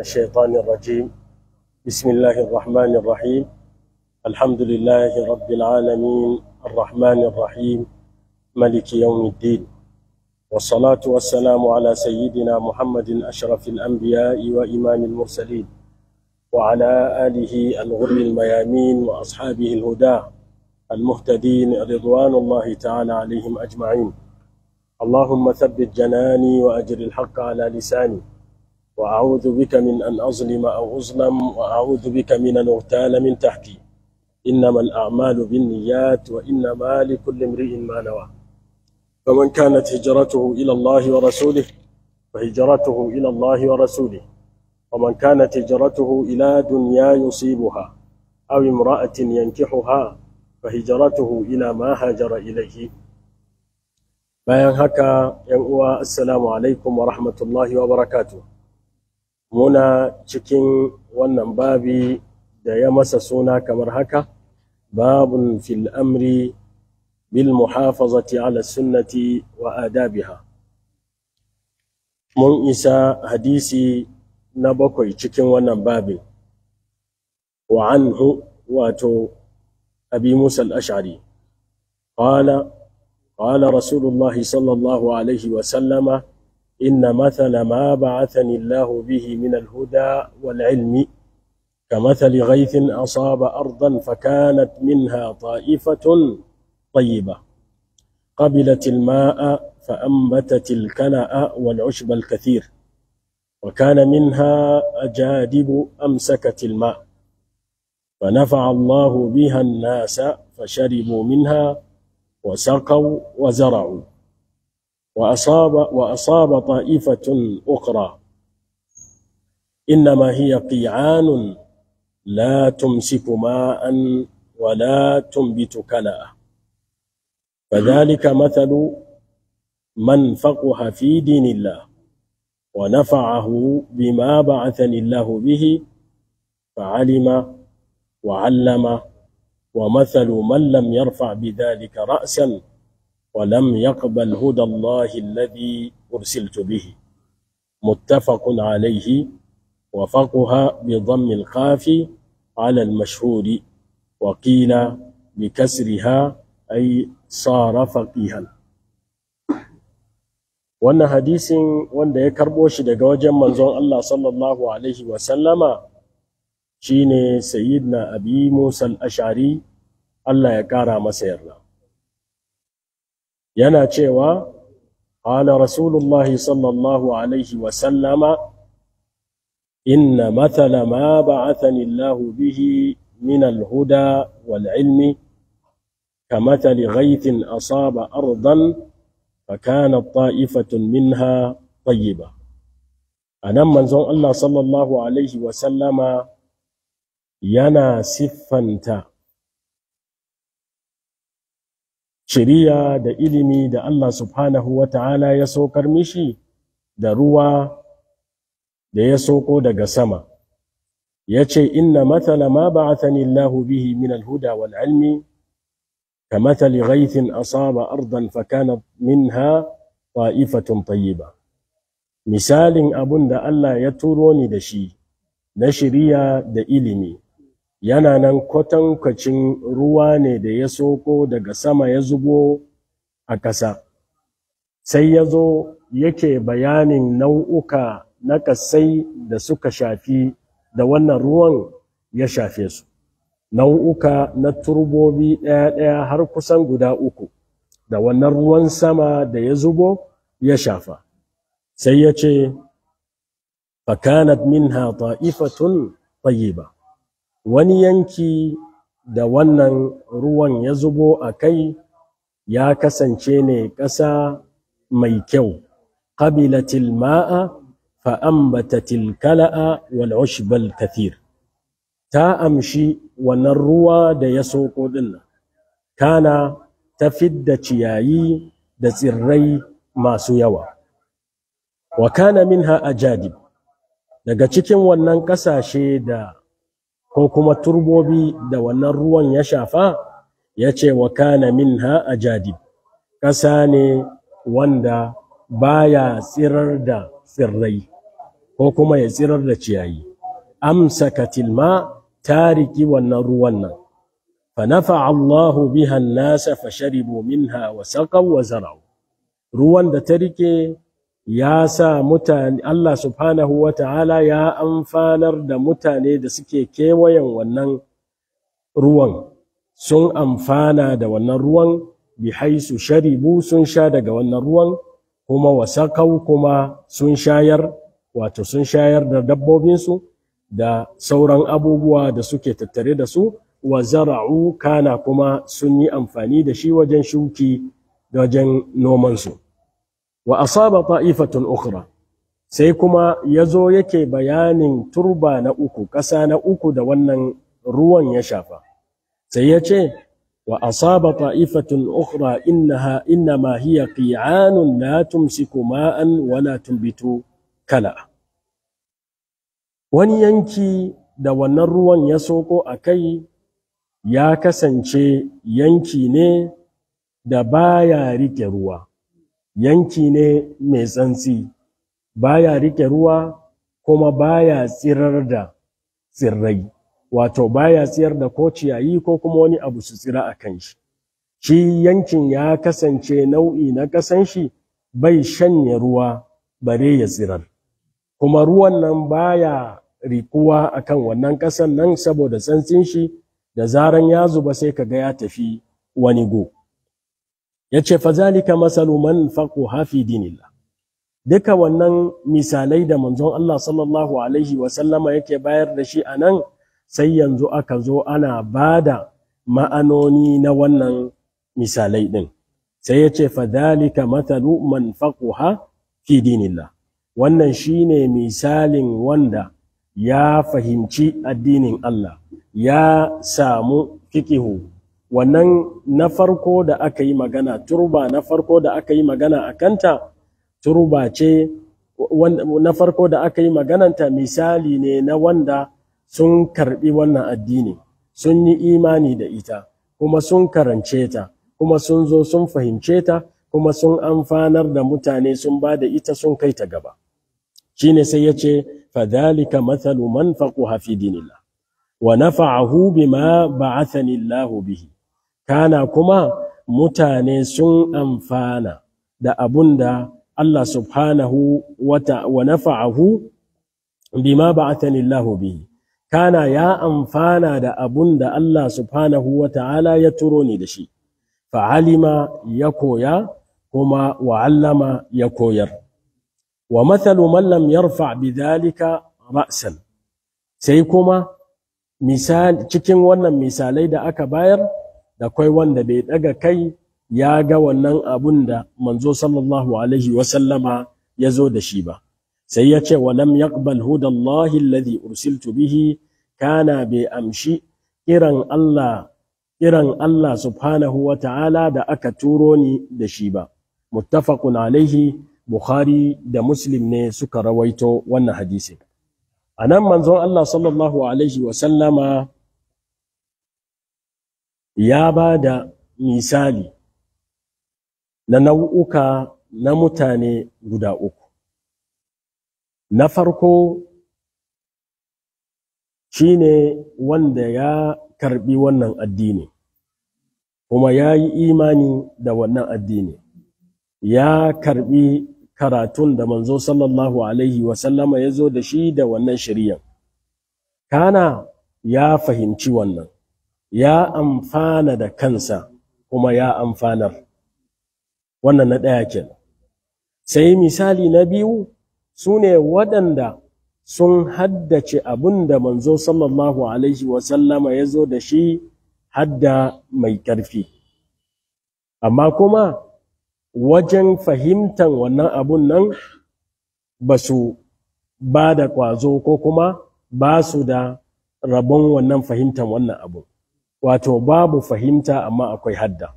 الشيطان الرجيم بسم الله الرحمن الرحيم الحمد لله رب العالمين الرحمن الرحيم ملك يوم الدين والصلاة والسلام على سيدنا محمد أشرف الأنبياء وإمام المرسلين وعلى آله الغر الميامين وأصحابه الهدى المهتدين رضوان الله تعالى عليهم أجمعين اللهم ثبت جناني وأجر الحق على لساني وأعوذ بك من أن أظلم أو أظلم وأعوذ بك من أن أغتال من تحتي إنما الأعمال بالنيات وإنما لكل امرئ ما نوى فمن كانت هجرته إلى الله ورسوله فهجرته إلى الله ورسوله ومن كانت هجرته إلى دنيا يصيبها أو امرأة ينكحها فهجرته إلى ما هاجر إليه bayan haka yan uwa assalamu alaikum wa rahmatullahi muna cikin wannan babi da ya masa suna kamar haka babun fil amri bil muhafazati ala sunnati wa adabiha mun isa hadisi na bakwai cikin wannan babin wa anhu wato abi musa al-ash'ari qala qala rasulullahi sallallahu alaihi wa sallama إن مثل ما بعثني الله به من الهدى والعلم كمثل غيث أصاب أرضا فكانت منها طائفة طيبة قبلت الماء فأنبتت الكلأ والعشب الكثير وكان منها أجادب أمسكت الماء فنفع الله بها الناس فشربوا منها وسقوا وزرعوا وأصاب وأصاب طائفة أخرى إنما هي قيعان لا تمسك ماء ولا تنبت كلأ فذلك مثل من فقه في دين الله ونفعه بما بعثني الله به فعلم وعلم ومثل من لم يرفع بذلك رأسا ولم يقبل هدى الله الذي أرسلت به متفق عليه وفقها بضم القاف على المشهور وقيل بكسرها أي صار فقيها wannan hadisin wanda ya karbo shi daga wajen manzon Allah sallallahu alaihi wa na shine abi Musa ashari Allah ya kara masa yarda yana cewa qala rasulullahi sallallahu alaihi wa sallama inna mathala ma ba'athani Allahu bihi min alhuda huda wal ilmi كمثل غيث أصاب أرضا فكانت طائفة منها طيبة أنا من زون الله صلى الله عليه وسلم ينا سفنتا shiriya da ilimi da Allah subhanahu wa ta'ala ya saukar mishi da ruwa da ya soko daga sama ya ce inna matala ma tani Allahu bihi min alhuda wal ilmi ka matali ghaithin asaba ardan fakana min minha ta'ifatun tayyiba misalin abun da Allah ya turo ni da shi na shiriya da ilimi yana nan kwatankwacin ruwa ne da ya soko daga sama ya zubo a ƙasa sai ya zo yake bayanin nau'uka na ƙasai da suka shafi da wannan ruwan ya shafe su nau'uka na turbobi ɗaya-ɗaya har kusan guda uku da wannan ruwan sama da ya zubo ya shafa sai ya ce fakanat minha ta'ifatun ba. wani yanki da wannan ruwan ya zubo a kai ya kasance ne ƙasa mai kyau ƙabilatil ma'a fa'ambatatil kala'a wal ushbal kathir ta amshi wannan ruwa da ya so dinnan kana ta fidda ciyayi da tsirrai masu yawa wa kana minha ajadib daga cikin wannan ƙasashe da ko kuma turbobi da wannan ruwan ya shafa ya ce wa kana a ajadib ƙasa ne wanda baya tsirar da tsirrai ko kuma ya tsirar da ciyayi Amsa tilma ta riki wannan ruwan nan fa Allahu biha an-nasa fasharibu minha wa saqaw wa zara'u ruwan da ta rike ya sa mutane Allah subhanahu wa ta'ala ya amfanar da mutane da suke kewayen wannan ruwan sun amfana da wannan ruwan bi haisu sharibu sun sha daga wannan ruwan kuma wasakau kuma sun shayar wato sun shayar da dabbobinsu da sauran abubuwa da suke tattare da su wa zara'u kana kuma sun yi amfani da shi wajen shuki da wajen nomansu. wa asaba ta'ifatun ukhra sai kuma yazo yake bayanin turba na uku ƙasa na uku da wannan ruwan ya shafa sai yace wa asaba ta'ifatun ukhra innaha innama hiya qi'anun la tumsiku ma'an la tumbitu kala wani yanki da wannan ruwan ya soko a kai ya kasance yanki ne da baya rike ruwa yanki ne mai tsantsi baya rike ruwa kuma baya tsirar da tsirrai wato baya tsiyar da ko ciyayi ko kuma wani abu su tsira a kan shi shi yankin ya kasance nau'i na kasan shi bai shanye ruwa bare ya tsirar kuma ruwan nan baya rikuwa akan wannan ƙasan nan saboda tsantsin shi da zaran ya zuba sai ka ga ya tafi wani go yace fazalika masalu man faqaha fi dinillah duka wannan misalai da manzon Allah sallallahu alaihi wa sallama yake bayar da shi anan sai yanzu aka zo ana bada ma'anoni na wannan misalai din sai yace fazalika mathalu man faqaha fi dinillah wannan shine misalin wanda ya fahimci addinin Allah ya samu fikihu wannan na farko da aka yi magana turba na farko da aka yi magana a kanta turba ce na farko da aka yi magananta misali ne na wanda sun karbi wannan addini sun yi imani da ita kuma sun karance ta kuma sun zo sun fahimce ta kuma sun amfanar da mutane sun ba da ita sun kai ta gaba Shi ne sai ya ce fadalika mathalu man faquha fi dinillah wa nafa'ahu bima ba'athani Allahu bihi kana kuma mutane sun amfana da abun da Allah subhanahu wa nafa'ahu bima ba'athani Allah bihi kana ya amfana da abun da Allah subhanahu wa ta'ala ya turo ni da shi, fa'alima ya koya kuma wa'allama ya koyar. Wa mathalu mallam yarfa bidhalika ra'san sai kuma cikin wannan misalai da aka bayar da kwai wanda bai daga kai ya ga wannan abun da manzo sallallahu alaihi sallama ya zo da shi ba sai ya ce wa lam yaqbal hudallahi alladhi ursiltu bihi kana bai amshi kiran Allah kiran Allah subhanahu wa ta'ala da aka turo ni da shi ba muttafaqun alaihi Bukhari da Muslim ne suka rawaito wannan hadisi anan manzon Allah sallallahu alaihi sallama. ya ba da misali na nau'uka na mutane guda uku. Na farko shi ne wanda ya karbi wannan addini, kuma ya yi imani da wannan addini, ya karbi karatun da manzo sallallahu Alaihi wasallama ya zo da shi da wannan shirya. Kana ya fahimci wannan. ya amfana da kansa kuma ya amfanar wannan na ɗaya kenan sai misali na biyu su ne waɗanda sun haddace abin da manzo sallallahu alaihi wasallama ya zo da shi hadda mai ƙarfi amma kuma wajen fahimtan wannan abun nan ba su ba da ƙwazo ko kuma ba su da rabon wannan fahimtar wannan abun. wato babu fahimta amma akwai hadda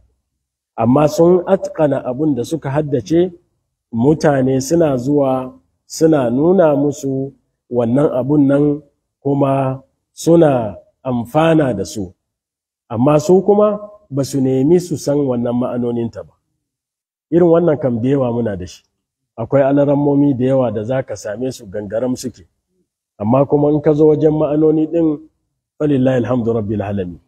amma sun atkana abun da suka haddace mutane suna zuwa suna nuna musu wannan abun nan kuma suna amfana da su amma su kuma ba su nemi su san wannan ma'anoninta ba irin wannan kan bewa muna da shi akwai alarammomi da yawa da za ka same su gangaram suke amma kuma in ka zo wajen ma'anoni ɗin falillahi alhamdu rabbil alamin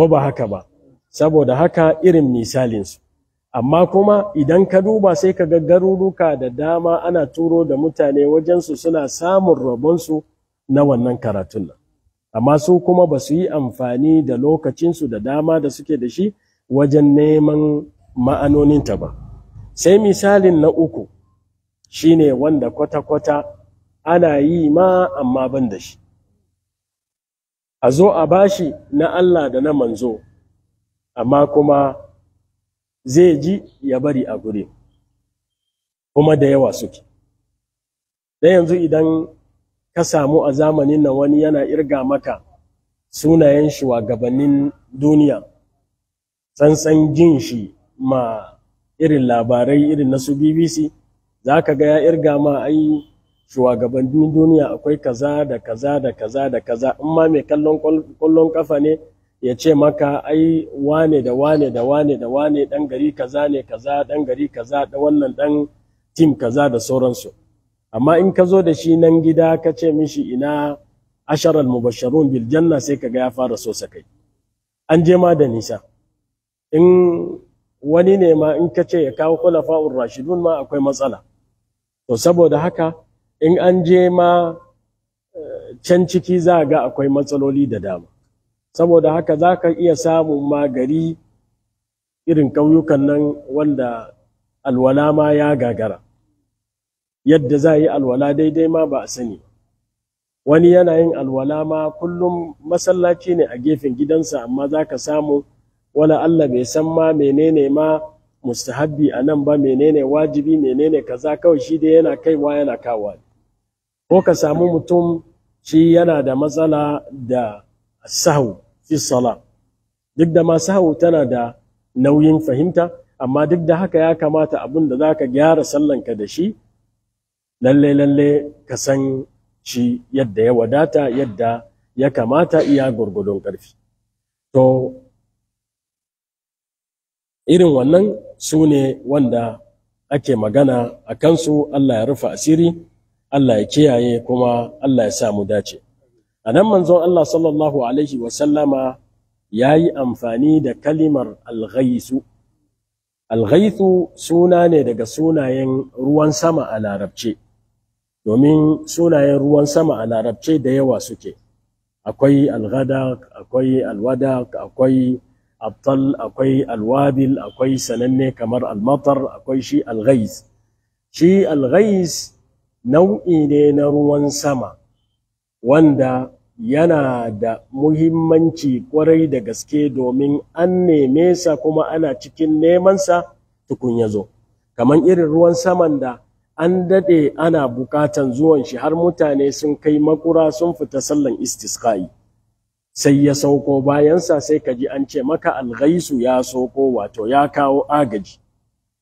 ko ba haka ba saboda haka irin misalinsu amma kuma idan ka duba sai ka ga garuruka da dama ana turo da mutane wajensu suna samun rabonsu na wannan karatun nan amma su kuma ba su yi amfani da lokacinsu da dama da suke da shi wajen neman ma'anoninta ba sai misalin na uku shine wanda kwata-kwata ana yi ma amma ban da shi a zo a bashi na Allah da na manzo amma kuma zai ji ya bari a gure kuma da yawa suke dan yanzu idan ka samu a zamanin nan wani yana irga maka sunayen shugabannin duniya tsantsan jin shi ma irin labarai irin na su bbc za ka ga ya irga ma ai shugabannin duniya akwai kaza da kaza da kaza da kaza in ma mai kallon kwallon kafa ne ya ce maka ai wane da wane da wane da wane dan gari kaza ne kaza dan gari kaza da wannan dan tim kaza da sauransu amma in ka zo da shi nan gida ka ce mishi ina asharal mubasharun bil janna sai ga ya fara so kai. an je ma da nisa in wani ne ma in ka ce ya kawo khulafa'ur rashidun ma akwai matsala to saboda haka in an je ma eh, can ciki za a ga akwai matsaloli da dama saboda haka za ka iya samun magari irin ƙauyukan nan wanda alwala ma ya gagara yadda za yi alwala daidai ma ba a sani wani yana yin alwala ma kullum masallaci ne a gefen gidansa amma za ka samu wani Allah bai san ma menene ma mustahabbi a nan ba menene wajibi menene kaza kawai shi dai yana kaiwa yana kawa ne ko ka samu mutum shi yana da matsala da sahu fi sala duk da ma sahu tana da nauyin fahimta amma duk da haka ya kamata abin da za ka gyara sallanka da shi lalle lalle ka san shi yadda ya wadata yadda ya kamata iya gurgudun ƙarfi to irin wannan su ne wanda ake magana a kansu Allah ya rufa asiri Allah ya kiyaye kuma Allah ya sa mu dace a nan manzon Allah sallallahu alaihi ya yi amfani da kalimar alghaisu alghaisu suna ne daga sunayen ruwan sama a larabce domin sunayen ruwan sama a larabce da yawa suke akwai alghadaq akwai alwadak akwai abtal akwai alwabil akwai sananne kamar almatar akwai shi alghais shi alghais nau'i ne na ruwan sama wanda yana da muhimmanci kwarai da gaske domin an neme sa kuma ana cikin nemansa tukun ya zo kamar irin ruwan saman da an daɗe ana buƙatan zuwan shi har mutane sun kai makura sun fita sallan istisqa'i sai ya sauko bayansa sai kaji an ce maka alghaisu ya sauko wato ya kawo agaji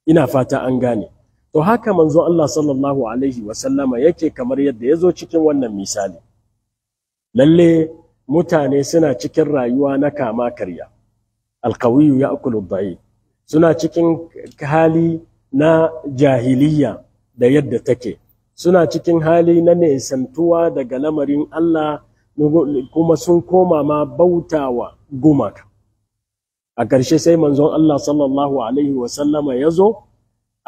ina fata an gane to haka manzon Allah sallallahu alaihi wasallama yake kamar yadda ya zo cikin wannan misali lalle mutane suna cikin rayuwa na kama karya alkawiyu ya akulu suna cikin hali na jahiliya da yadda take suna cikin hali na nesantuwa daga lamarin Allah kuma sun koma ma bautawa gumaka a ƙarshe sai manzon Allah sallallahu alaihi wasallama ya zo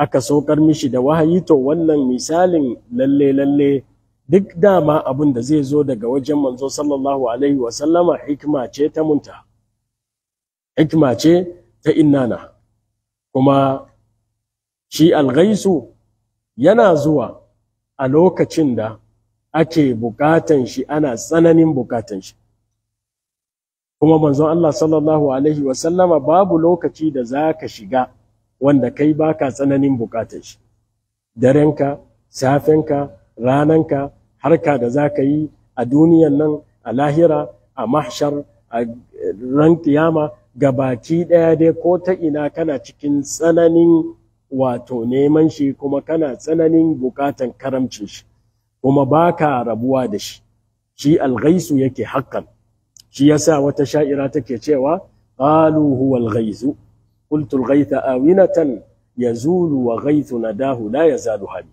aka sokar mishi da wahayi to wannan misalin lalle lalle duk dama abin da zai zo daga wajen manzo sallallahu alaihi sallama hikima ce ta munta hikima ce ta innana kuma shi alghaisu yana zuwa a lokacin da ake bukatan shi ana tsananin bukatan shi kuma manzon Allah sallallahu alaihi sallama babu lokaci da zaka shiga wanda kai baka tsananin bukatar shi darenka safenka rananka harka da za ka yi a duniyan nan a lahira a mahshar a eh, ran kiyama gabaki ɗaya dai ko ta ina kana cikin tsananin wato neman shi kuma kana tsananin bukatan karamcin shi kuma baka rabuwa da shi shi alghaisu yake hakan shi yasa wata sha'ira take cewa qalu huwa alghaisu قلت الغيث آوينة يزول وغيث نداه لا يزال hali.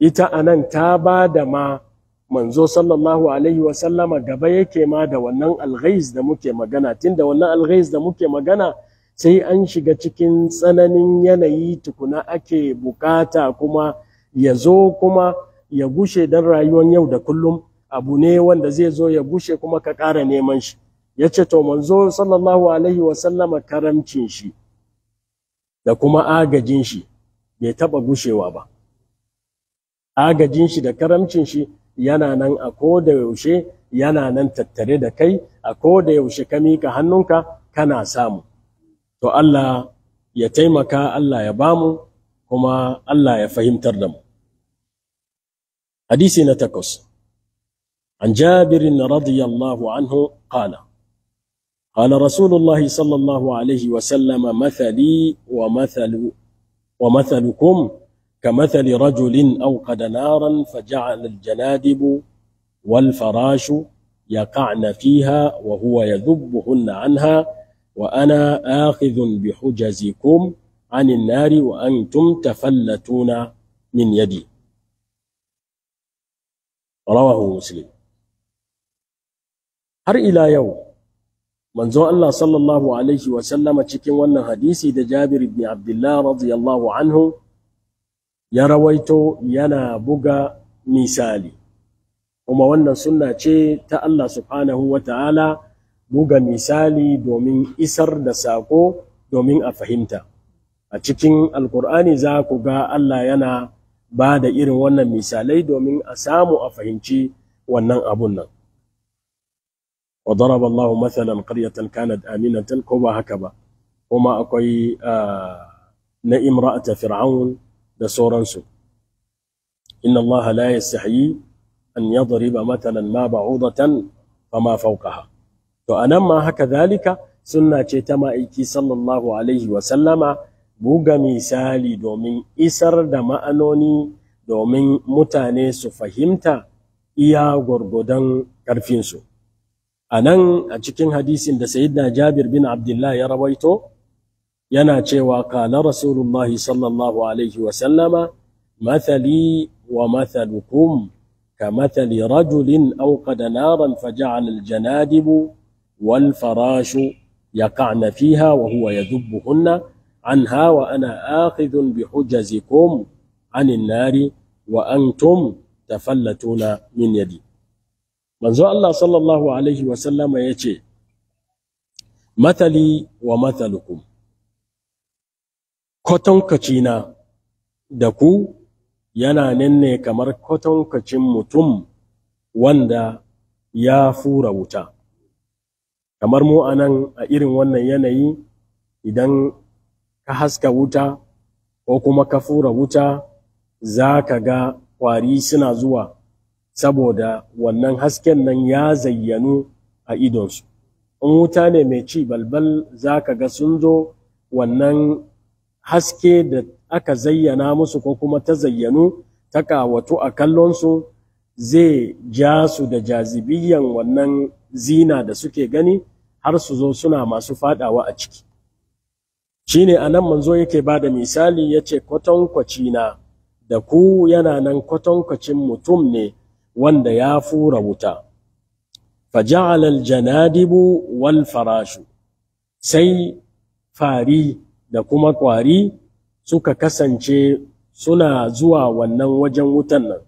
ita anan ta ba da ma manzo sallallahu alaihi sallama, gaba yake ma da wannan alghais da muke magana tunda wannan alghais da muke magana sai an shiga cikin tsananin yanayi tukuna ake bukata kuma ya zo kuma ya gushe dan rayuwar yau da kullum abu ne wanda zai zo ya gushe kuma ka ƙara neman shi ya ce to manzo sallallahu alaihi sallama, karamcin shi da kuma agajin shi bai taɓa gushewa ba agajin shi da karamcin shi yana nan a koda yaushe yana nan tattare da kai a ko da yaushe ka mika hannunka kana samu to Allah ya taimaka Allah ya bamu kuma Allah ya fahimtar da mu hadisi na takwas an jabirin radiyallahu anhu qala قال رسول الله صلى الله عليه وسلم مثلي ومثل ومثلكم كمثل رجل أوقد نارا فجعل الجنادب والفراش يقعن فيها وهو يذبهن عنها وأنا آخذ بحجزكم عن النار وأنتم تفلتون من يدي رواه مسلم هر إلى يوم manzon Allah sallallahu alaihi wa sallama cikin wannan hadisi da Jabir ibn Abdullah radiyallahu anhu ya rawaito yana buga misali kuma wannan sunna ce ta Allah subhanahu wa ta'ala buga misali domin isar da sako domin a fahimta a cikin alkur'ani za ku ga Allah yana ba da irin wannan misalai domin a samu a fahimci wannan abun nan wa daraba Allah mathalan qaryatan kanat aminatan ko ba haka ba kuma akwai na imra'ata fir'aun da sauransu inna Allah la yastahyi an yadriba mathalan ma ba'udatan fama fawqaha to anan ma haka zalika sunna ce ta ma'aiki sallallahu alaihi wa sallama buga misali domin isar da ma'anoni domin mutane su fahimta iya gwargwadon ƙarfinsu. anan a cikin hadisin da sayyidina jabir bin abdullah ya rawaito yana cewa kala rasulullahi sallallahu alaihi wa sallama mathali wa mathalukum rajulin كمثل رجل أوقد نارا فجعل الجنادب والفراش يقعن فيها وهو يذبهن عنها وأنا آخذ بحجزكم nari wa antum tafallatuna min yadi manzo Allah sallallahu alaihi wa sallama yace matali wa matalukum kwatankwaci na da ku yana nanne kamar kacin mutum wanda ya fura wuta kamar mu anan a irin wannan yanayi idan ka haska wuta ko kuma ka fura wuta za ka ga kwari suna zuwa saboda wannan hasken nan ya zayyanu a idonsu in wuta ne mai ci balbal za ka ga sun zo wannan haske da aka zayyana musu ko kuma ta zayyanu ta kawatu a kallonsu zai ja su da jazibiyan wannan zina da suke gani har su zo suna masu fadawa a ciki Shi ne a nan manzo yake ba da misali ya ce kwatankwaci da ku yana nan kwatankwacin mutum ne wanda ya fura wuta faja'alal aljanadibu wal farashu sai fari da kuma kwari suka kasance suna zuwa wannan wajen wutan nan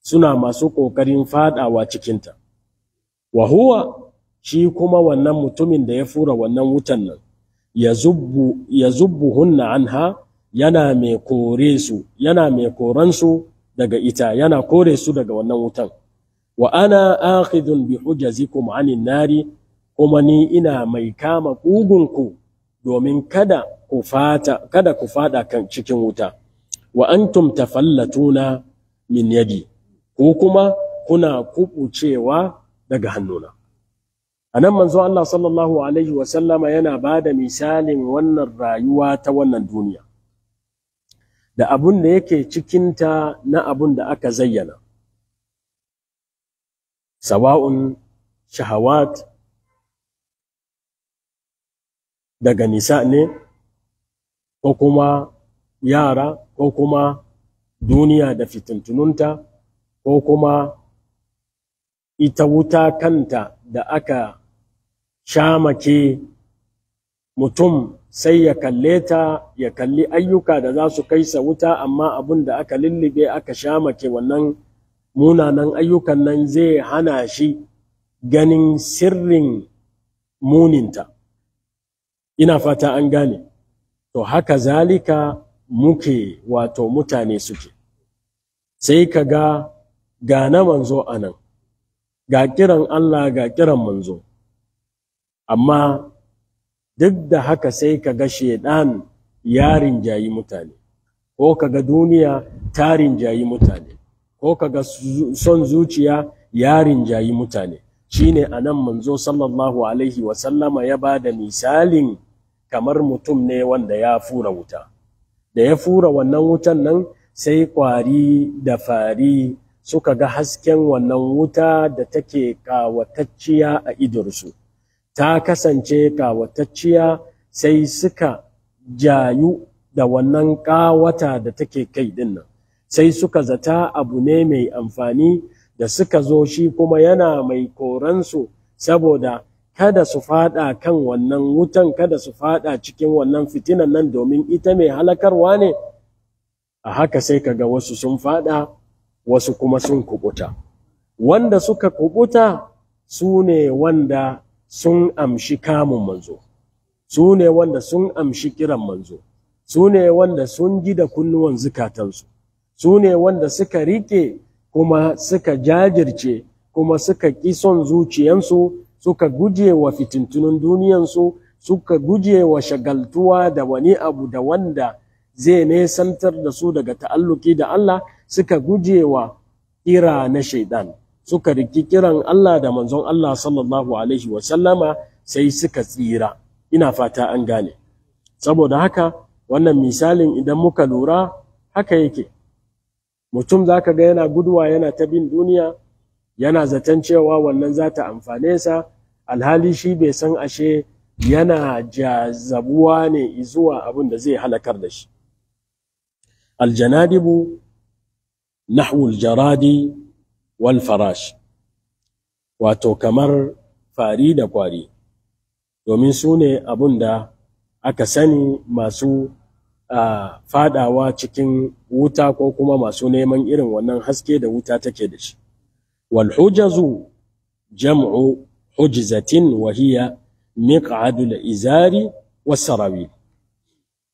suna masu ƙoƙarin faɗawa cikinta wa huwa shi kuma wannan mutumin da ya fura wannan wutan nan ya zubbu hunna anha yana mai kore su yana mai koransu daga ita yana kore su daga wannan wutan wa ana akhidun bi hujazikum anin nari kuma ni ina mai kama kugunku domin kada ku fata kada ku fada kan cikin wuta wa antum tafallatuna min yadi ko kuma kuna kubucewa daga hannuna anan manzo Allah sallallahu alaihi wa sallama yana bada misalin wannan rayuwa ta wannan duniya da abun da yake cikinta na abun da aka zayyana sawa'un shahawat daga nisa ne ko kuma yara ko kuma duniya da fitintununta ko kuma ita wuta kanta da aka shamake mutum sai ya kalle ta ya kalli ayyuka da za su kai sa wuta amma abun da aka lullube aka shamake wannan munanan ayyukan nan zai hana shi ganin sirrin muninta ina fata an gane to haka zalika muke wato mutane suke sai ka ga ga na manzo anan, nan ga kiran Allah ga kiran manzo amma duk da haka sai ka ga shaidan ya rinjayi mutane ko ka ga duniya ta rinjayi mutane ko ka ga son zuciya ya rinjayi mutane shine anan manzo sallallahu alaihi wasallama ya ba da misalin kamar mutum ne wanda ya fura wuta da ya fura wannan wutan nan sai kwari da fari suka ga hasken wannan wuta da take kawatacciya a idursu. ta kasance kawatacciya sai suka jayu da wannan ƙawata da take kai ɗin nan sai suka zata abu ne mai amfani da suka zo shi kuma yana mai koransu saboda kada su fada kan wannan wutan kada su fada cikin wannan fitinan nan domin ita mai halakarwa ne a haka sai kaga wasu sun fada wasu kuma sun kubuta wanda suka kubuta su ne wanda sun amshi kamun manzo su ne wanda sun amshi kiran manzo su ne wanda sun ji da kunnuwan zukatansu su ne wanda suka rike kuma suka jajirce kuma suka ƙi son zuciyansu suka guje wa fitintunun duniyansu suka guje wa shagaltuwa da wani abu da wanda zai nesantar da su daga ta'alluki da Allah suka guje wa ira na shaidan. suka riki kiran Allah da manzon Allah sallallahu alaihi wa sallama sai suka tsira ina fata an gane saboda haka wannan misalin idan muka lura haka yake mutum zaka ga yana guduwa yana ta bin duniya yana zaton cewa wannan za ta amfane sa alhali shi bai san ashe yana jazabuwa ne zuwa abin da zai halakar da shi aljanadibu nahwul jaradi wal farash wato kamar fari da kwari domin su ne abun da aka sani masu a fadawa cikin wuta ko kuma masu neman irin wannan haske da wuta take da shi wal hujazu jam'u hujzatin wa hiya la izari was sarawi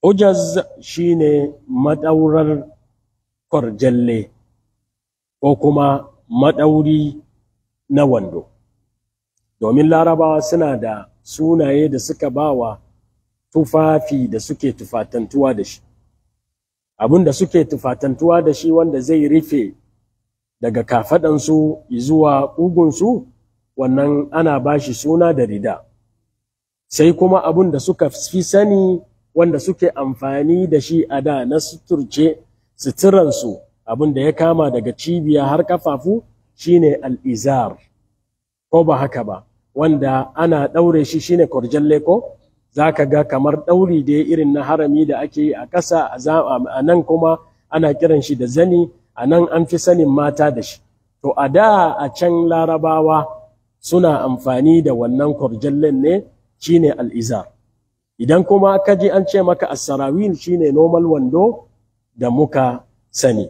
hujaz shine madaurar kwarjalle ko kuma maɗauri na wando domin larabawa suna da sunaye da suka bawa tufafi da suke tufatantuwa da shi abin da suke tufatantuwa da shi wanda zai rufe daga kafaɗansu zuwa ƙugunsu wannan ana ba shi suna da rida sai kuma abin da suka fi sani wanda suke amfani da shi a da na suturce suturansu abin da ya kama daga cibiya har kafafu shine al'izar ko ba haka ba wanda ana ɗaure shi shine kwarjalle ko za ka ga kamar ɗauri da irin na harami da ake yi a ƙasa a nan kuma ana kiran shi da zani a nan an fi sanin mata da shi to a da a can larabawa suna amfani da wannan kwarjallen ne shine al'izar idan kuma ka ji an ce maka assarawil shine normal wando da muka sani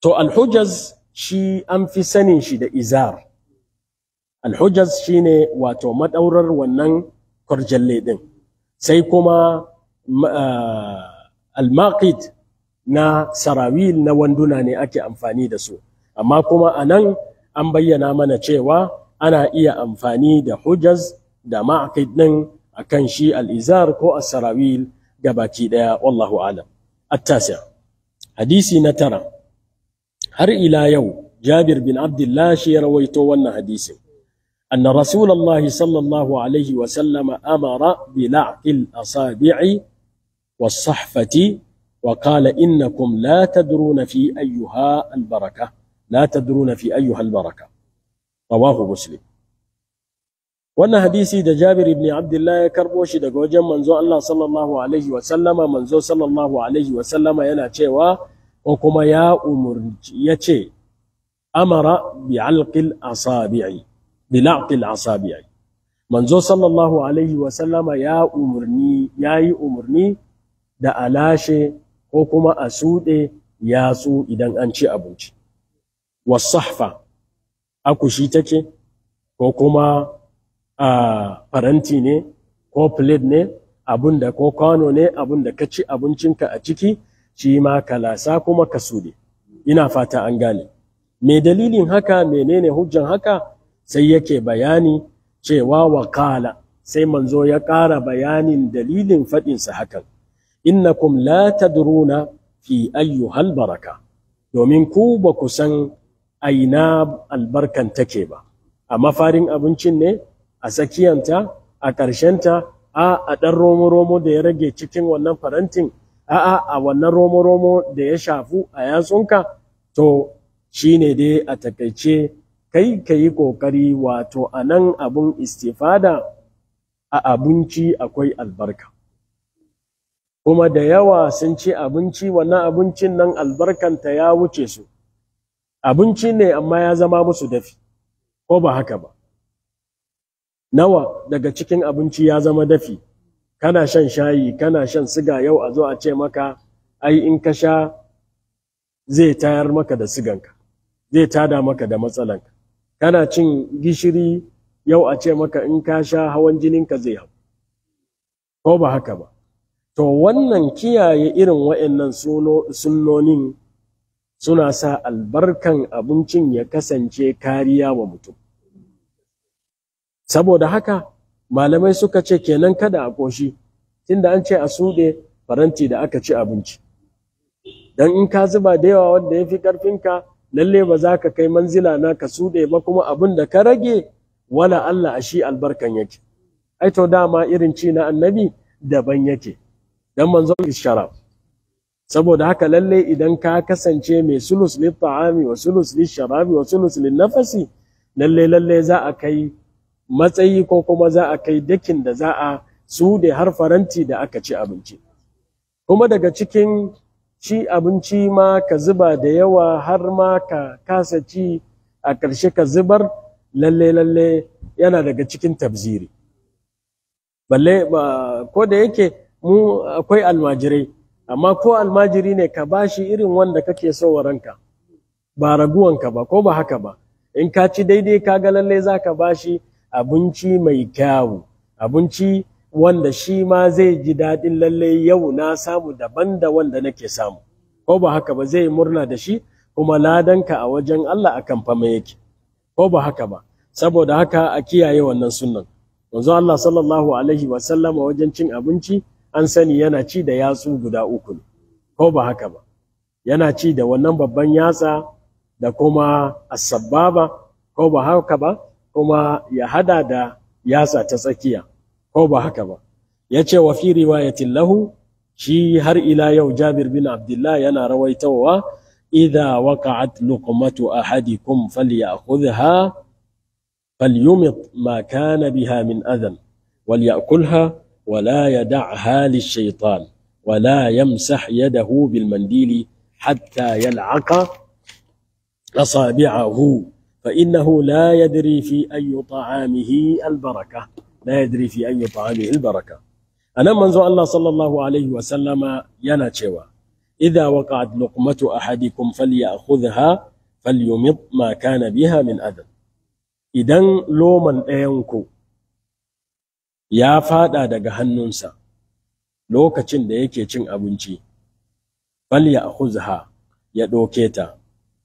to al alhujaz shi an fi sanin shi da izar Al-Hujas shi shine wato madaurar wannan kwarjalle din sai kuma Al-Maqid na sarawil na wanduna ne ake amfani da su amma kuma a nan an bayyana mana cewa ana iya amfani da hujaz da ma'aqid din akan shi Al-Izar ko as-sarawil gabaki daya wallahu alam at hadisi na tara har ila yau jabir bin abdullah shi ya rawaito wannan hadisin anna rasulullahi sallallahu alaihi wa sallama amara bi la'qil asabi'i was sahfati wa qala innakum la tadruna fi ayyuha al baraka la tadruna fi ayyuha al baraka rawahu muslim wannan hadisi da Jabir ibn Abdullah ya karbo shi daga wajen manzo Allah sallallahu alaihi wa sallama manzo sallallahu alaihi wa sallama yana cewa ko kuma ya umurci ya ce amara bi alƙil asabi'i bi asabi'i manzo sallallahu alaihi wa sallama ya umurni yayi umurni da alashe ko kuma a suɗe ya su idan an ci abinci wasahfa akushi take ko kuma a faranti ne ko plate ne abinda ko kwano ne abinda ka ci abincinka a ciki shi ma ka kuma ka ne ina fata an gane me dalilin haka menene hujjan haka sai yake bayani cewa wakala sai manzo ya ƙara bayanin dalilin faɗinsa hakan innakum la tadruna fi ayyuhal baraka domin ku ba ku san aina albarkan take ba a mafarin abincin ne a sakiyanta a ƙarshenta a a ɗan romo-romo da ya rage cikin wannan farantin a'a a wannan romo-romo da ya shafu a yatsunka to shi ne dai a takaice kai ka yi ƙoƙari wato a nan abun istifada a abinci akwai albarka kuma da yawa sun ci abinci wannan abincin nan albarkanta ya wuce su abinci ne amma ya zama musu dafi ko ba haka ba nawa daga cikin abinci ya zama dafi kana shan shayi kana shan siga yau a zo a ce maka ai in ka sha zai tayar maka da siganka zai tada maka da matsalanka kana cin gishiri yau a ce maka in ka sha hawan jininka zai hau ko ba haka ba to wannan kiyaye irin wa'annan sunnonin suna sa albarkan abincin ya kasance kariya wa mutum saboda haka malamai suka ce kenan kada a ƙoshi tunda an ce a suɗe faranti da aka ci abinci dan in ka zuba da yawa wanda ya fi ƙarfinka lalle ba za ka kai manzila na ka suɗe ba kuma abin da ka rage wala Allah a shi albarkan yake ai to dama irin ci na annabi daban yake dan manzo sharaf saboda haka lalle idan ka kasance mai sulus lil ta'ami wa sulus li sharabi wa sulus li nafasi lalle lalle za a kai matsayi ko kuma za a kai dakin da za a su da har faranti da aka ci abinci kuma daga cikin ci abinci ma ka zuba da yawa har ma ka kasa ci a ƙarshe ka zubar lalle lalle yana daga cikin tabziri balle ko da yake mu akwai almajirai amma ko almajiri ne ka bashi irin wanda kake so wa ranka ba raguwanka ba ko ba haka ba in ka ci daidai ka ga lalle za ka bashi abinci mai kyawu abinci wanda shi ma zai ji daɗin lalle yau na samu daban da wanda nake samu ko ba haka ba zai murna da shi kuma ladanka a wajen Allah akan fama yake ko ba haka ba saboda haka a kiyaye wannan sunnan manzo Allah sallallahu alaihi wa wajen cin abinci an sani yana ci da yatsu guda uku ne ko ba haka ba yana ci da wannan babban yatsa da kuma asabbaba ko ba haka ba kuma ya hada da yasa ta tsakiya ko ba haka ba yace wa fi riwayatin lahu shi har ila yau jabir bin abdullah yana rawaitawa idha waqa'at luqmatu ahadikum falyakhudha falyumit ma kana biha min adhan walyakulha wala yad'aha lishaytan wala yamsah yadahu bilmandili hatta yal'aqa asabi'ahu فإنه لا يدري في أي طعامه البركة لا يدري في أي طعامه البركة أنا منذ الله صلى الله عليه وسلم ينا شوى إذا وقعت لقمة أحدكم فليأخذها فليمط ما كان بها من أذى إذا لومن أينكو ya fada daga hannunsa lokacin da yake cin abinci, fal ya ya ɗauke ta,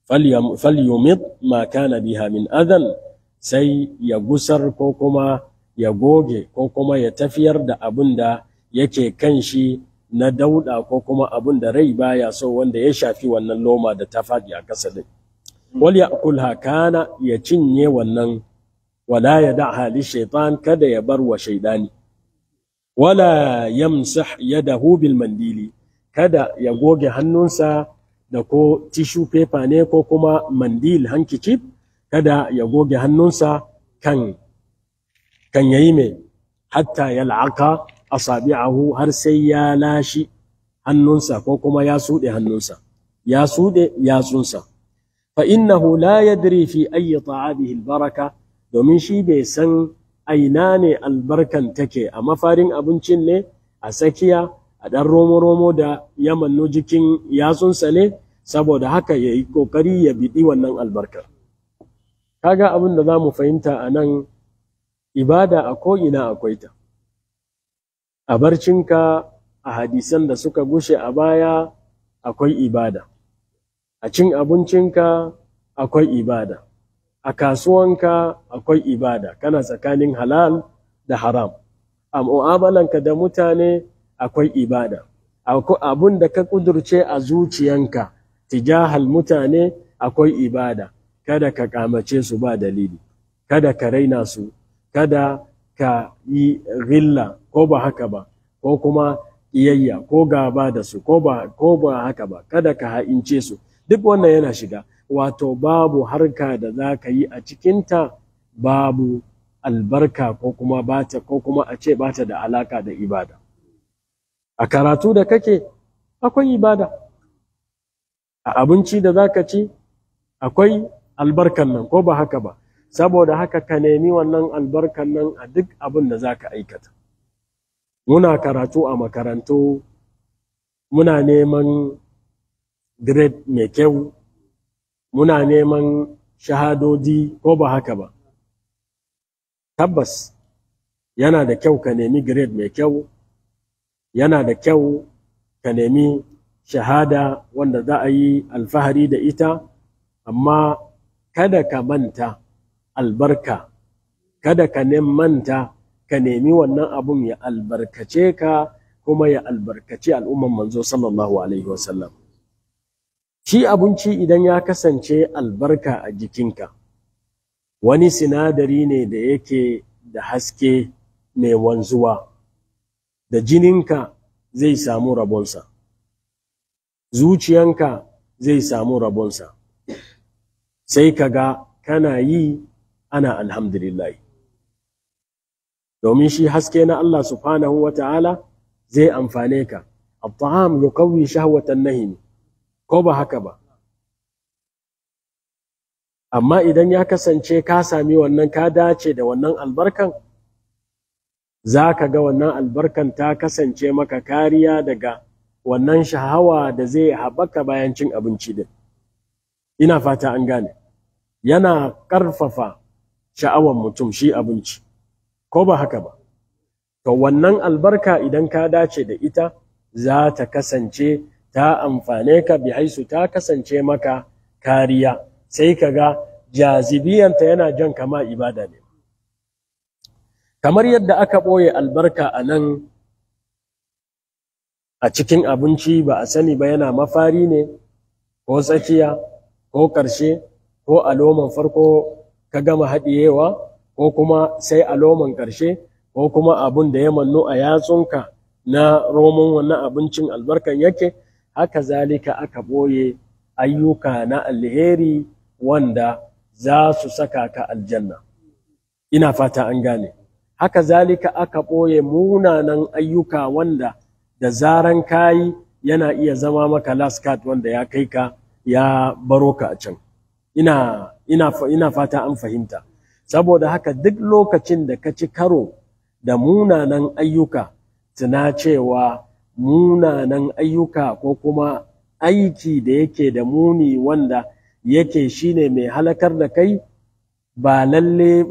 falyumid ma kana biha min adan sai ya gusar ko kuma ya goge ko kuma ya tafiyar da abun da yake kan shi na dauda ko kuma abun da rai baya so wanda ya shafi wannan loma da ta faɗi a ƙasa din wal ya'kulha kana ya cinye wannan wala ya da'ha li shaytan kada ya bar wa shaydani wala yamsah yadahu bil mandili kada ya goge hannunsa da ko tishu paper ne ko kuma mandil handkerchief kada ya goge hannunsa kan kan yayi mai hatta yal'aka asabi'ahu har sai ya lashi hannunsa ko kuma ya sude hannunsa ya sude yatsunsa fa innahu la yadri fi ayyi ta'abihi albaraka domin shi bai san aina ne albarkan take a mafarin abincin ne a tsakiya a ɗan romo-romo da ya manno jikin yatsunsa ne saboda haka ya yi ƙoƙari ya biɗi wannan albarkar. Kaga abin da za mu fahimta a nan ibada a ko'ina akwai ta. A barcinka a hadisan da suka gushe a baya akwai ibada. A cin abincinka akwai ibada. A kasuwanka akwai ibada, kana tsakanin halal da haram. A mu'amalanka da mutane akwai ibada abun da ka kudurce a zuciyanka tijahal mutane akwai ibada kada ka kamace su ba dalili kada ka raina su kada ka yi rilla ko ba haka ba ko kuma iyayya ko gaba da su ko ba haka ba kada ka ha'ince su duk wannan yana shiga wato babu harka da za ka yi a cikinta babu albarka ko kuma bata a ce bata da alaka da ibada a karatu da kake akwai ibada a abinci da zaka ci akwai albarkan nan ko ba haka ba saboda haka ka nemi wannan albarkan nan a duk abin da zaka aikata muna karatu a makarantu muna neman grade mai kyau muna neman shahadodi ko ba haka ba tabbas yana da kyau ka nemi grade mai kyau yana da kyau ka nemi shahada wanda za a yi alfahari da ita amma kada ka manta albarka kada ka manta ka nemi wannan abun ya albarkace ka kuma ya albarkaci al'umman manzo sallallahu alaihi wasallam shi abinci idan ya kasance albarka a jikinka wani sinadari ne da yake da haske mai wanzuwa da jininka zai samu rabonsa zuciyanka zai samu rabonsa sai ka ga kana yi ana alhamdulillahi domin shi haske na Allah subhanahu wa ta'ala zai amfane ka الطعام يقوي شهوة ne, ko ba haka ba amma idan ya kasance ka sami wannan ka dace da wannan albarkan za ka ga wannan albarkan ta kasance maka kariya daga wannan shahawa da zai haɓaka bayan cin abinci din ina fata an gane yana ƙarfafa sha'awan mutum shi abinci ko ba haka ba to wannan albarka idan ka dace da ita za ta kasance ta amfane ka bi haisu ta kasance maka kariya sai ka ga jazibiyanta yana jan kama ibada ne kamar yadda aka ɓoye albarka a nan a cikin abinci ba a sani ba yana mafari ne ko tsakiya ko ƙarshe ko a loman farko ka gama haɗiyewa ko kuma sai a loman ƙarshe ko kuma abun da ya manno a yatsunka na romon wannan abincin albarkan yake haka zalika aka ɓoye ayyuka na alheri wanda za su saka ka aljanna ina fata an gane haka zalika aka ɓoye munanan ayyuka wanda da zaran kayi yana iya zama maka laskat wanda ya kai ka ya baro ka a can ina, ina fata an fahimta saboda haka duk lokacin da ka ci karo da munanan ayyuka tuna cewa munanan ayyuka ko kuma aiki da yake da muni wanda yake shine mai halakar da kai ba lalle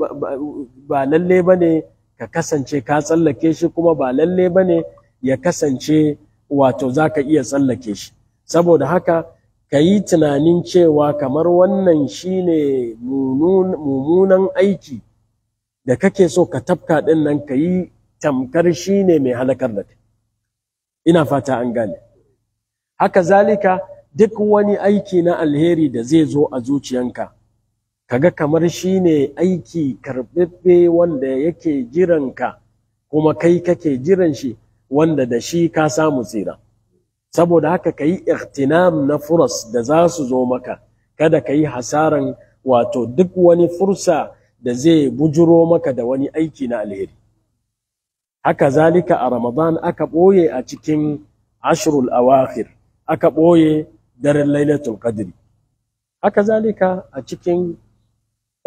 ba ne ka kasance ka tsallake shi kuma ba lalle ba ne ya kasance wato za ka iya tsallake shi saboda haka ka yi tunanin cewa kamar wannan shi ne mummunan aiki da kake so ka tafka ɗin nan ka yi tamkar shi ne mai halakar da kai ina fata an gane haka zalika duk wani aiki na alheri da zai zo a zuciyanka kaga kamar shi ne aiki karɓaɓɓe wanda yake jiranka kuma kai kake jiran shi wanda da shi ka samu tsira saboda haka ka yi ikhtinam na furas da za su zo maka kada ka yi hasaran wato duk wani fursa da zai bujuro maka da wani aiki na alheri haka zalika a ramadan aka ɓoye a cikin ashrul awakhir aka ɓoye daren lailatul qadri haka zalika a cikin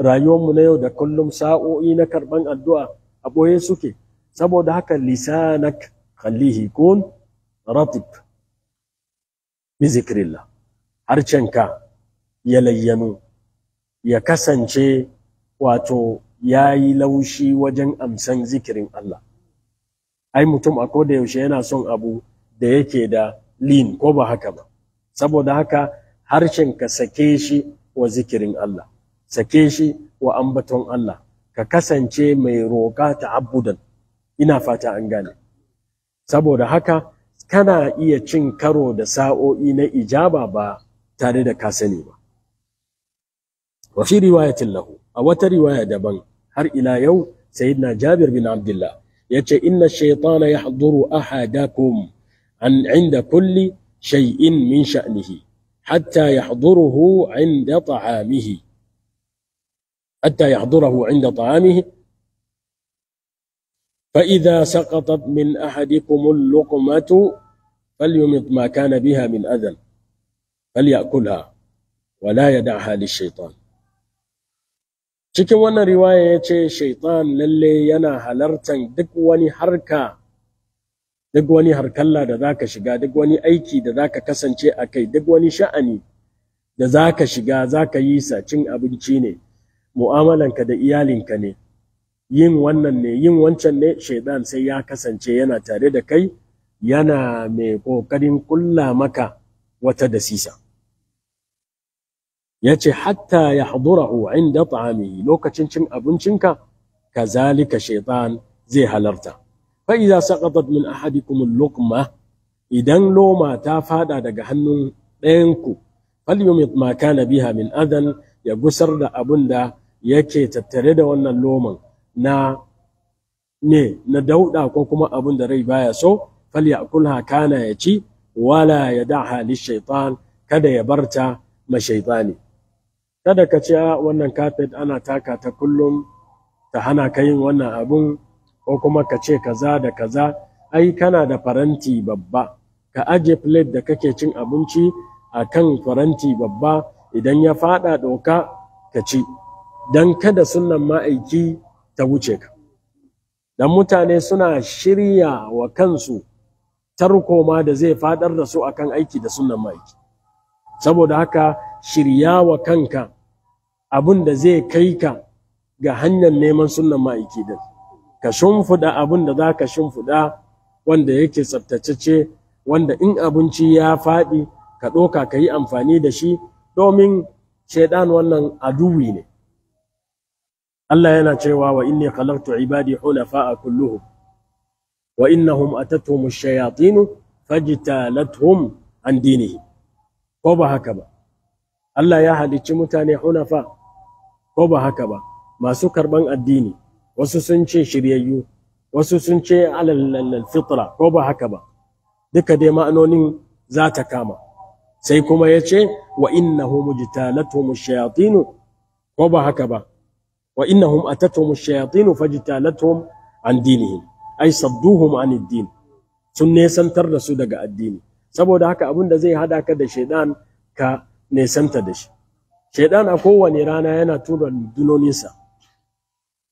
Rayuwar mu na yau da kullum sa'o'i na karban addu'a a ɓoye suke saboda haka lisanak kallihi kun ratib bi zikrillah ya layyano ya kasance wato ya yi laushi wajen amsan zikirin Allah. Ai mutum a koda yaushe yana son abu da yake da lin ko ba haka ba, saboda haka harshen ka sake shi wa zikirin Allah. sake shi wa ambaton Allah ka kasance mai roƙa ta'abbudan ina fata an gane saboda haka kana iya cin karo da sa'o'i na ijaba ba tare da ka sani ba wa fi riwayatin lahu a wata riwaya daban har ila yau sayyidina jabir bin abdullah yace inna shaytana yahduru ahadakum an inda kulli shay'in min sha'nihi hatta yahduruhu inda ta'amihi حتى يحضره عند طعامه فإذا سقطت من أحدكم اللقمة فليمط ما كان بها من أذى فليأكلها ولا يدعها للشيطان cikin wannan riwaya ya ce shaitan lalle yana halartan duk wani harka duk wani harkalla da zaka shiga duk wani aiki da zaka kasance a kai duk wani sha'ani da zaka shiga zaka yi sa cin abinci ne mu'amalanka da iyalinka ne yin wannan ne yin wancan ne shaidan sai ya kasance yana tare da kai yana mai ƙoƙarin kulla maka wata dasisa ya ce hatta ya hadurahu inda ta'amihi lokacin cin abincinka kazalika shaitan zai halarta fa'iza idza min ahadikum luqma idan loma ta faɗa daga hannun ɗayanku falyumit ma kana biha min adan ya gusar da abun da yake tattare da wannan loman na me na dauda ko kuma abin da rai baya so falyakulha kana ya ci wala ya da hali shaitan kada ya barta ma shaitani kada ka ce wannan kafet ana taka ta kullum ta hana ka yin wannan abun ko kuma ka ce kaza da kaza ai kana da faranti babba ka aje plate da kake cin abinci a kan faranti babba idan ya fada doka ka ci don kada sunnan ma'aiki ta wuce ka don mutane suna shirya wa kansu tarko ma da zai fadar da su akan aiki da sunnan ma'aiki saboda haka shirya wa kanka abin da zai kai ka ga hanyar neman sunnan ma'aiki din ka shimfiɗa abin da za ka shimfiɗa wanda yake tsaftace wanda in abinci ya faɗi ka ɗoka ka yi amfani da shi domin shaidan wannan aduwi ne Allah yana cewa wa inni khalaqtu ibadi hunafa'a kulluhum wa innahum atatuhum ash-shayatin fajtalathum an dinihim ko ba haka ba Allah ya halicci mutane hunafa ko ba haka ba masu karban addini wasu sun ce shiryayyu wasu sun ce alal fitra ko ba haka ba duka dai ma'anonin za ta kama sai kuma ya ce wa innahu mujtalatuhum ash-shayatin ko ba haka ba wa innahum atatuhum ash-shayatin fajtalatuhum an dinihim ai sadduhum an ad sun nesantar da su daga addini saboda haka abin da zai hada ka da shaidan ka nesanta da shi shaidan a kowane rana yana tura dunoninsa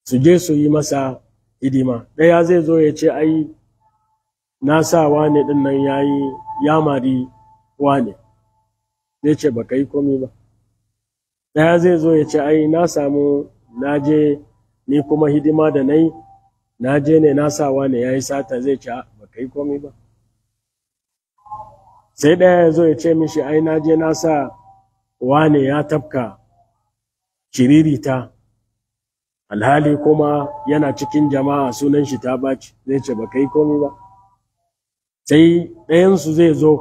su je su yi masa hidima ɗaya zai zo ya ce ai na sa wane ɗin nan ya yi yamari wane zai ce ba ka yi komi ba ɗaya zai zo ya ce ai na samu na je ni kuma hidima da nai na je ne na sawa ne ya yi sata zai ci ba ka yi komi ba sai ɗaya ya zo ya ce mishi ai na je na sa wane ya tafka ciririta alhali kuma yana cikin jama'a sunan shi ta baci zai ce ba ka yi komi ba sai ɗayansu zai zo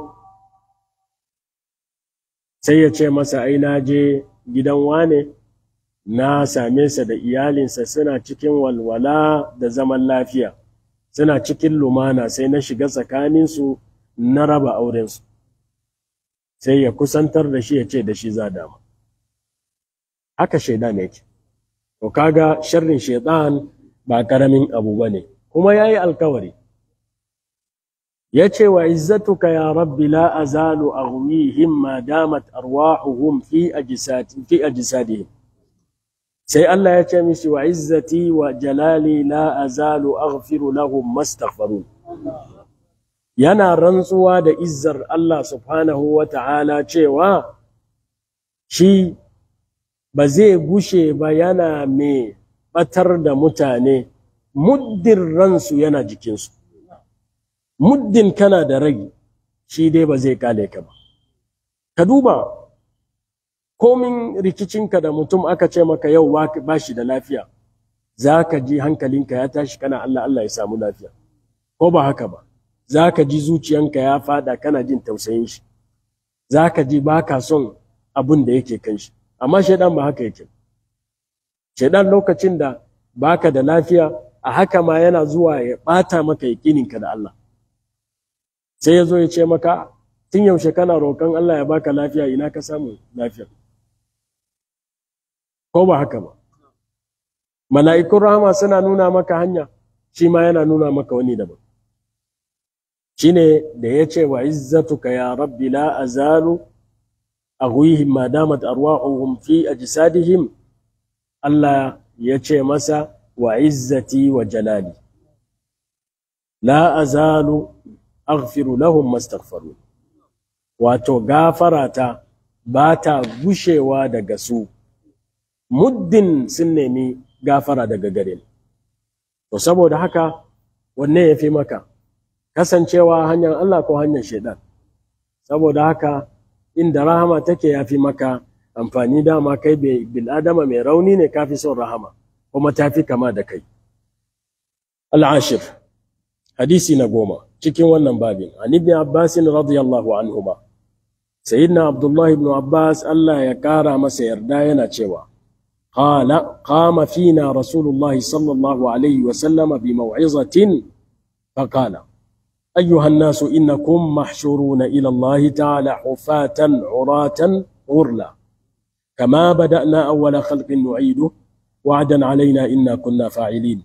sai ya ce masa ai na je gidan wane na same sa da iyalinsa suna cikin walwala da zaman lafiya suna cikin lumana sai na shiga tsakaninsu na raba aurensu sai ya kusantar da shi ya ce da shi za dama haka ne yake to kaga sharrin shaidan ba karamin abu ba ne. kuma ya yayi alkawari ce wa izzatuka ya rabbi la azalu aghwihim himma, damat arwahuhum fi ajsadihim sai Allah ya ce mishi wa izzati wa jalali la azalu aghfiru lahum mastaghfirun yana rantsuwa da izzar Allah subhanahu wa ta'ala cewa shi ba zai gushe ba yana mai batar da mutane muddin ransu yana jikinsu muddin kana da ragi shi dai ba zai kale ka ba ka duba komin rikicinka da mutum aka ce maka yau ba shi da lafiya za ka ji hankalinka ya tashi kana Allah Allah ya samu lafiya ko ba haka ba za ka ji zuciyanka ya fada kana jin tausayin shi za ka ji ba ka son abin da yake kan shi amma shaidan ba haka yake shaidan lokacin da ba ka da lafiya a haka ma yana zuwa ya bata maka yakininka da Allah sai ya zo ya ce maka tun yaushe kana roƙon Allah ya baka lafiya ina ka samu lafiya ko ba haka ba mala'ikun rahama suna nuna maka hanya shi ma yana nuna maka wani daban ne da ya ce wa izzatuka ya rabbi la a aghwihim ma damat arwahuhum fi ajsadihim Allah ya ce masa wa izzati wa jalali la azalu aghfiru lahum mastaghfiru wato gafarata ba ta gushewa daga su muddin sun nemi gafara daga gare ni to saboda haka wanne ya fi maka kasancewa hanyar Allah ko hanyar shaidan saboda haka inda rahama take ya fi maka amfani dama kai bil adama mai rauni ne kafi son rahama kuma ta fi kama da kai al'ashir hadisi na goma cikin wannan babin an ibn abbas radiyallahu anhuma sayyidina abdullahi ibn abbas Allah ya kara masa yarda yana cewa قال قام فينا رسول الله صلى الله عليه وسلم بموعظة فقال أيها الناس إنكم محشورون إلى الله تعالى حفاة عراة غرلا كما بدأنا أول خلق نعيده وعدا علينا إنا كنا فاعلين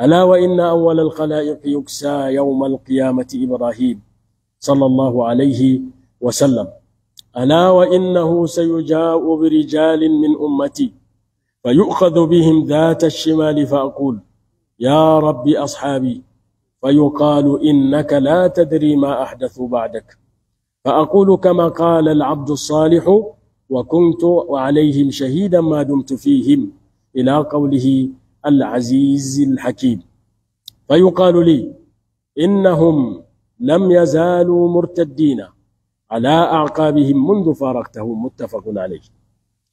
ألا وإن أول الخلائق يكسى يوم القيامة إبراهيم صلى الله عليه وسلم ألا وإنه سيجاء برجال من أمتي فيؤخذ بهم ذات الشمال فأقول يا رب أصحابي فيقال إنك لا تدري ما أحدث بعدك فأقول كما قال العبد الصالح وكنت عليهم شهيدا ما دمت فيهم إلى قوله العزيز الحكيم فيقال لي إنهم لم يزالوا مرتدين على أعقابهم منذ فارقتهم متفق عليه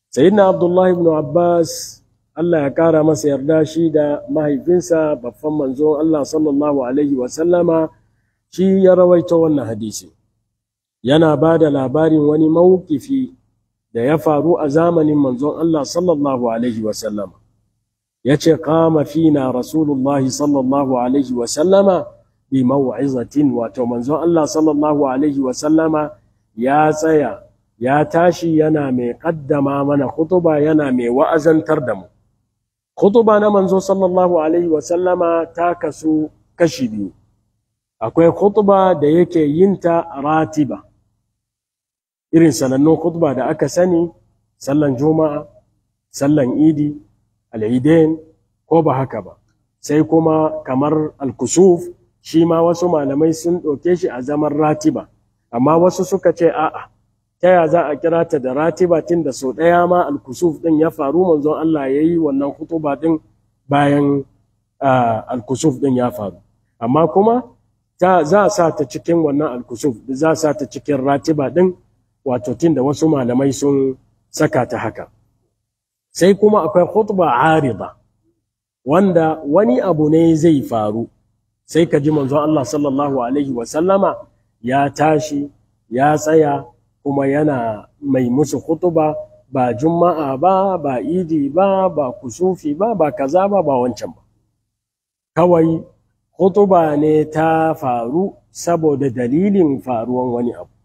sayyidina abdullahi ibn abbas Allah ya kara masa yarda shi da mahaifinsa babban manzon Allah sallallahu alaihi shi ya rawaita wannan hadisi yana ba da labarin wani mawukifi da ya faru a zamanin manzon Allah sallallahu alaihi ya ce kama fina rasulullahi sallallahu alaihi wasallama bi maw'izatin wato manzon Allah sallallahu alaihi ya tsaya ya tashi yana mai kaddama mana khutuba yana mai wa'azantar da mu khutuba na manzo sallallahu alaihi wa ta kasu kashi biyu akwai kutuba da yake yinta ratiba irin sanannu khutuba da aka sani sallan juma'a sallan idi al'idain ko ba haka ba sai kuma kamar alkusuf shi ma wasu malamai sun ɗauke shi a zaman ratiba amma wasu suka ce a'a ta ya za a kira ta da ratiba tun da so ɗaya ma alkusuf ɗin ya faru manzon Allah ya yi wannan hutuba ɗin bayan alkusuf ɗin ya faru amma kuma ta za a sa ta cikin wannan alkusuf za a sa ta cikin ratiba ɗin wato tun da wasu malamai sun saka ta haka sai kuma akwai hutuba arida wanda wani abu ne zai faru sai ka ji manzon Allah sallallahu alaihi ya tashi ya tsaya kuma yana mai musu hutuba ba juma'a ba ba idi ba ba kusufi ba ba kaza ba ba wancan ba kawai hutuba ne ta faru saboda dalilin faruwan wani abu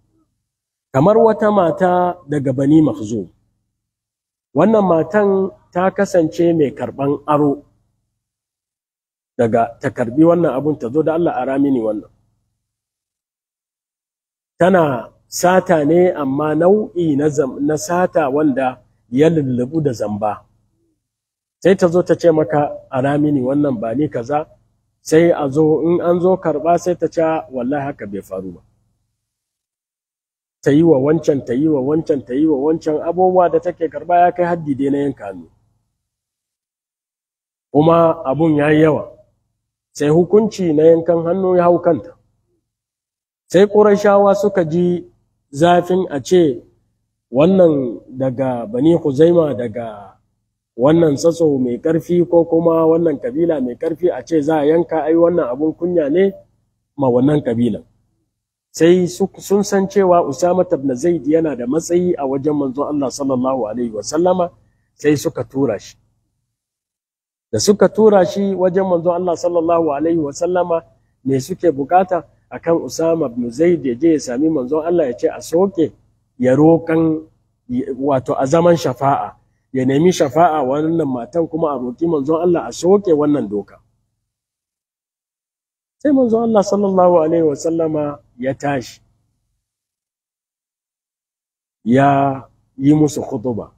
kamar wata mata daga bani mahzum wannan matan ta kasance mai karban aro daga ta karbi wannan abun ta zo da Allah a ramini wannan tana sata ne amma nau'i na sata wanda ya lullubu da zamba sai ta zo ta ce maka aramini wannan ba ni kaza sai a zo in an zo karba sai ta ce wallahi haka bai faru ba ta yi wa wancan ta yi wa wancan ta yi wa wancan abubuwa da take karba ya kai haddi dai na yanka hannu kuma abun ya yi yawa sai hukunci na yankan hannu ya hau kanta sai ƙurashawa suka ji zafin a ce wannan daga bani huzaima daga wannan tsatso mai ƙarfi ko kuma wannan kabila mai karfi a ce za a yanka ai wannan abun kunya ne ma wannan kabilan sai sun san cewa Usama ibn Zaid yana da matsayi a wajen manzon Allah sallallahu alaihi wasallama sai suka tura shi da suka tura shi wajen manzon Allah sallallahu alaihi wasallama me suke bukata akan Usama bin Zaid ya je ya sami manzon Allah ya ce a soke ya roƙan wato a zaman shafa'a ya nemi shafa'a wannan matan kuma a roƙi manzon Allah a soke wannan doka sai manzon Allah sallallahu alaihi wa sallama ya tashi ya yi musu khutuba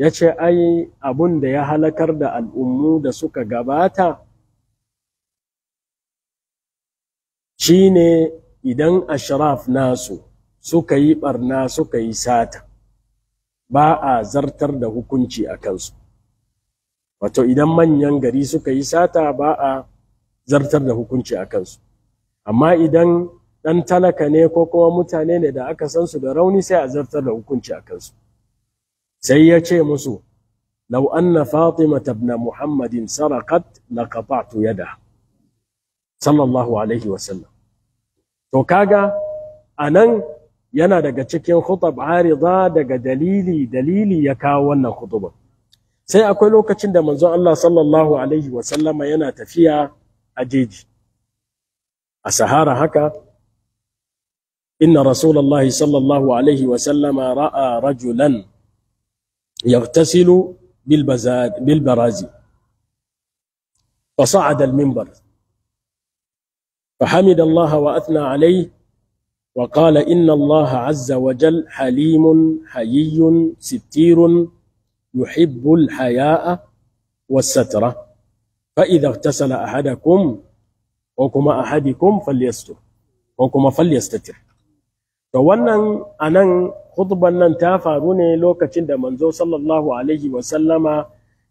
ya ce ai abun da ya halakar da al'ummu da suka gabata Shi ne idan ashraf nasu suka yi barna suka yi sata ba a zartar da hukunci a kansu wato idan manyan gari suka yi sata ba a zartar da hukunci a kansu amma idan ɗan talaka ne ko kuma mutane ne da aka san su da rauni sai a zartar da hukunci a kansu sai ya ce musu lau أن fatima ابن muhammadin sarakat لقطعت yadaha sallallahu alaihi wasallam to kaga anan yana daga cikin khutab arida daga dalili dalili ya kawo wannan khutubar sai akwai lokacin da manzon Allah sallallahu alaihi wasallama yana tafiya a jeji a sahara haka inna rasulullahi sallallahu alaihi wasallama ra'a rajulan yaghtasilu bil barazi fasa'ada al minbar فحمد الله وأثنى عليه وقال إن الله عز وجل حليم حيي ستير يحب الحياء والسترة فإذا اغتسل أحدكم وكما أحدكم فليستر وكما فليستتر فوانن انا خطبا ننتافى روني لوكا منزو صلى الله عليه وسلم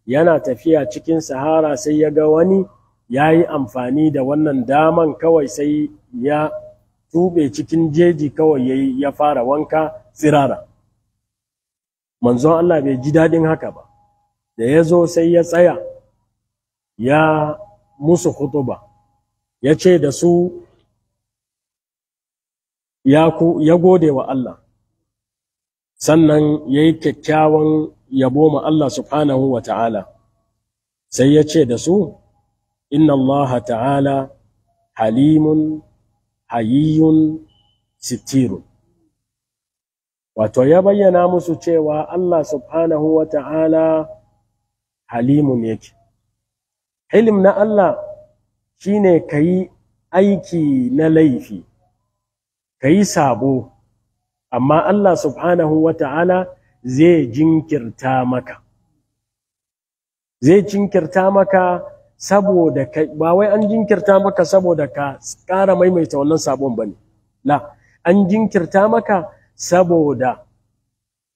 ينا تفيا تشكين سهارا سيجا وني ya yi amfani da wannan daman kawai sai ya tube cikin jeji kawai ya ya fara wanka tsirara manzon Allah bai ji daɗin haka ba da ya zo sai ya tsaya ya musu hutuba ya ce da su ya gode wa Allah sannan ya yi kyakkyawan yabo ma Allah subhanahu wa ta'ala sai ya ce da su inna Allah ta'ala halimun hayiyun sitirun wato ya bayyana musu cewa Allah subhanahu wa ta'ala halimun yake hilim na Allah shine ka yi aiki na laifi ka yi sabo amma Allah subhanahu wa ta'ala zai jinkirta maka zai jinkirta maka saboda kai ba wai an jinkirta maka saboda ka ƙara maimaita wannan sabon ba ne la an jinkirta maka saboda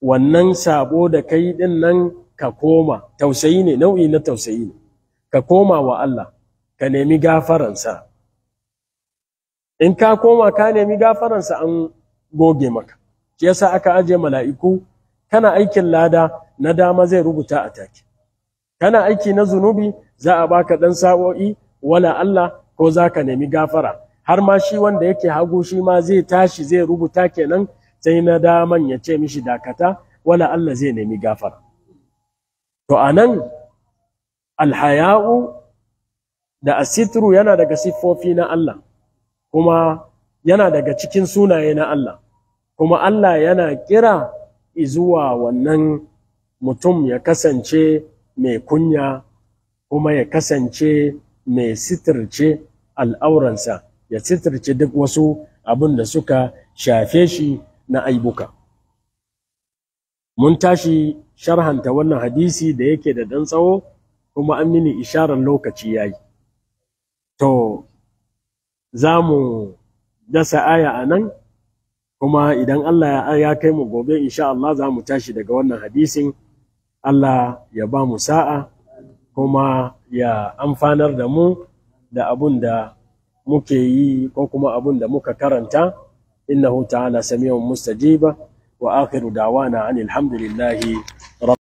wannan sabo da kai din nan ka koma tausayi ne nau'i na tausayi ne ka koma wa Allah ka nemi gafaransa in ka koma ka nemi gafaransa an goge maka shi yasa aka aje mala'iku kana aikin lada na dama zai rubuta a take kana aiki na zunubi za a baka ɗan sa'o'i wala Allah ko za ka nemi gafara har ma shi wanda yake hagu shi ma zai tashi zai rubuta kenan sai na daman ya ce mishi dakata wala Allah zai nemi gafara to anan alhaya'u da asitru yana daga sifofi na Allah kuma yana daga cikin sunaye na Allah kuma Allah yana kira izuwa wannan mutum ya kasance mai kunya kuma ya kasance mai sitirce al'auransa ya sitirce duk wasu abin da suka shafe shi na aibuka mun tashi sharhanta wannan hadisi da yake da ɗan tsawo kuma an mini isharar lokaci ya yi. to za mu dasa aya a nan kuma idan Allah ya kai mu gobe insha Allah za mu tashi daga wannan hadisin Allah ya ba mu sa'a kuma ya amfanar da mu da abun da muke yi ko kuma abun da muka karanta innahu ta'ala sami'un mustajiba wa akhiru da'wana anil hamdulillahi